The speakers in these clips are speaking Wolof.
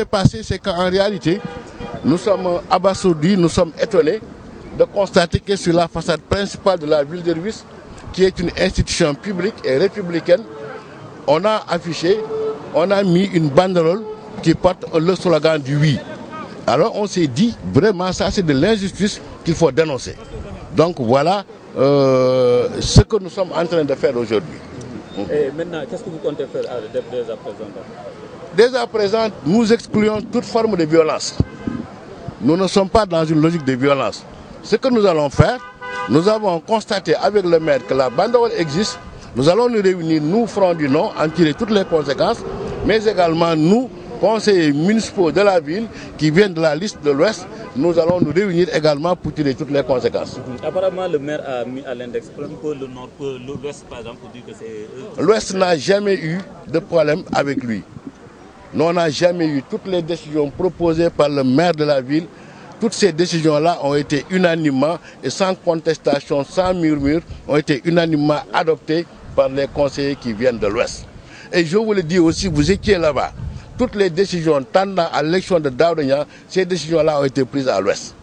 s'est passé, c'est qu'en réalité, nous sommes abasourdis, nous sommes étonnés de constater que sur la façade principale de la ville de Ruisse, qui est une institution publique et républicaine, on a affiché, on a mis une banderole qui porte le slogan du oui. Alors on s'est dit, vraiment, ça c'est de l'injustice qu'il faut dénoncer. Donc voilà euh, ce que nous sommes en train de faire aujourd'hui. Et maintenant, qu'est-ce que vous comptez faire dès à présent Dès à présent, nous excluons toute forme de violence. Nous ne sommes pas dans une logique de violence. Ce que nous allons faire, nous avons constaté avec le maire que la banderole existe. Nous allons nous réunir, nous, Front du Nom, en tirer toutes les conséquences, mais également nous, conseillers municipaux de la ville qui viennent de la liste de l'Ouest, nous allons nous réunir également pour tirer toutes les conséquences. Apparemment, le maire a mis à l'index le Nord, l'Ouest, par exemple, pour dire que c'est... L'Ouest n'a jamais eu de problème avec lui. Nous, on n'a jamais eu toutes les décisions proposées par le maire de la ville. Toutes ces décisions-là ont été unanimement et sans contestation, sans murmure, ont été unanimement adoptées par les conseillers qui viennent de l'Ouest. Et je vous le dis aussi, vous étiez là-bas. Toutes les décisions tendant à l'élection de Daoudonia, ces décisions-là ont été prises à l'Ouest.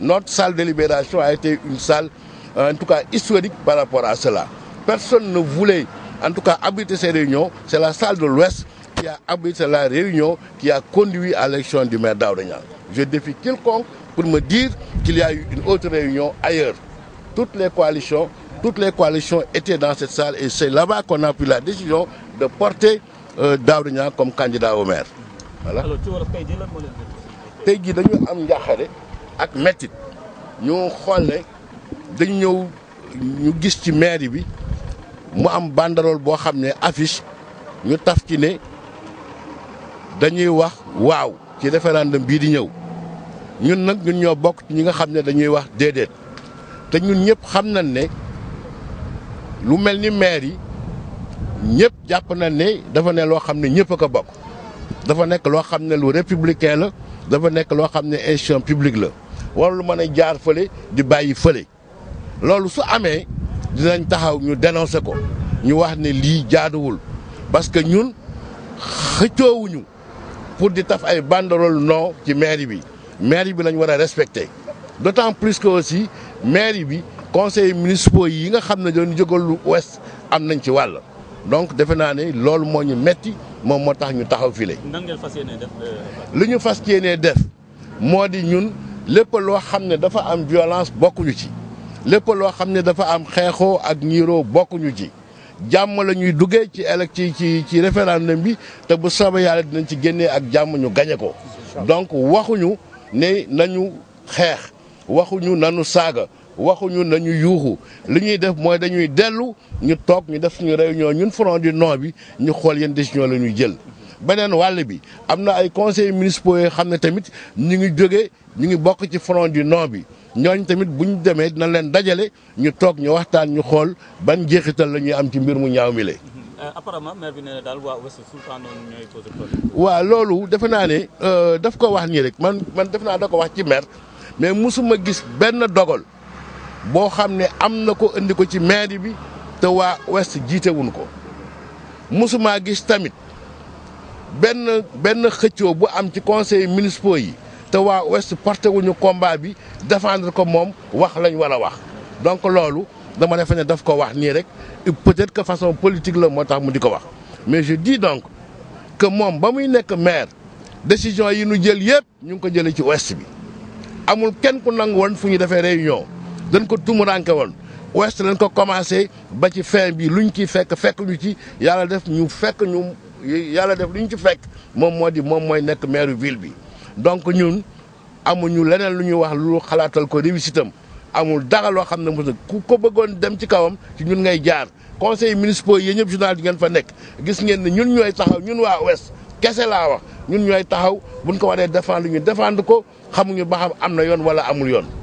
Notre salle de libération a été une salle, en tout cas historique par rapport à cela. Personne ne voulait, en tout cas, habiter ces réunions. C'est la salle de l'Ouest qui a abrité la réunion qui a conduit à l'élection du maire d'Aurignan. Je défie quiconque pour me dire qu'il y a eu une autre réunion ailleurs. Toutes les coalitions, toutes les coalitions étaient dans cette salle et c'est là-bas qu'on a pris la décision de porter euh, Daurignan comme candidat au maire. Voilà. tey jii dañu am njaaxare ak mettit ñu xool ne dañu ñëw ñu gis ci mairie bi mu am banderole boo xam affiche ñu taf ci ne dañuy wax waaw ci référendum bii di ñëw ñun nag ñun ñoo bokk ci ñi nga xam ne dañuy wax déedéet te ñun ñëpp xam nañ ne lu mel ni maire yi ñëpp jàpp nañ ne dafa ne loo xam ne ñëpp a ko bokk dafa nekk loo xam ne lu républicain la dafa nekk loo xam ne institution publique la warul mën a jaar fële di bàyyi fële loolu su amee dinañ taxaw ñu dénoncé ko ñu wax ne lii jaaduwul parce que ñun xëccoowuñu pour di taf ay banderole non ci mairie bi mairie bi lañ wara respecter d'autant plus que aussi mairie bi conseil municipal yi nga xam ne doon lu ouest am nañ ci wall donc defe na né lool moo ñu metti moom moo tax ñu taxaw filé nan ngeen fas def euh, li ñu fas def modi ñun lepp lo xam dafa am violence bokku ñu ci lepp lo xam dafa am xéxo ak niro bokku ñu ci jàmm la ñuy duggee ci élec yi ci ci référendum bi te bu soobee yàlla dinañ ci génnee ak jàmm ñu gañe ko donc waxuñu ne nañu xeex waxuñu nañu saaga waxuñu nañu yuuxu li ñuy def mooy dañuy dellu ñu toog ñu def suñu réunion ñun front du non bi ñu xool yeen décision la ñuy jël beneen wàll bi am na ay conseils municipaux yoo xam ne tamit ñu ngi jóge ñu ngi bokk ci front du non bi ñooñ tamit bu ñu demee dina leen dajale ñu toog ñu waxtaan ñu xool ban jeexital la ñuy am ci mbir mu ñaaw mile le euh, apparemment maire bi nee na daal waa Ouest ñooy posé problème. waaw loolu defe naa ne euh, daf ko wax nii rek man man defe naa da ko wax ci maire mais mosuma gis benn dogal boo xam ne am na ko indi ko ci maire bi te waa Ouest jiitewuñ ko mosumaa gis tamit benn benn xëccoo bu am ci conseil municipal yi te waa ouest porté où combat bi défendre ko mom wax lañ war wax donc lolu dama defe né daf ko wax ni rek peut-être que façon politique la motax mu diko wax mais je dis donc que mom ba muy nekk maire décision yi ñu jël yépp ñu ko jël ci ouest bi amul kenn ku nang won fu ñu défé réunion dañ ko tumuranke won ouest lañ ko commencé ba ci fin bi luñ ci fekk fekk ñu ci yalla def ñu fekk ñu yalla def luñ ci fekk mom modi mom moy nek maire ville bi donc ñun amuñu leneen lu ñuy wax lu xalaatal ko réussite am amul dara loo xam ne mos ku ko bëggoon dem ci kawam ci ñun ngay jaar conseil municipal yi ñëpp journal yi ngeen fa nekk gis ngeen ne ñun ñooy taxaw ñun waa ouest kese laa wax ñun ñooy taxaw bu buñ ko waree défendre ñu défendre ko xamuñu ba xam am na yoon wala amul yoon.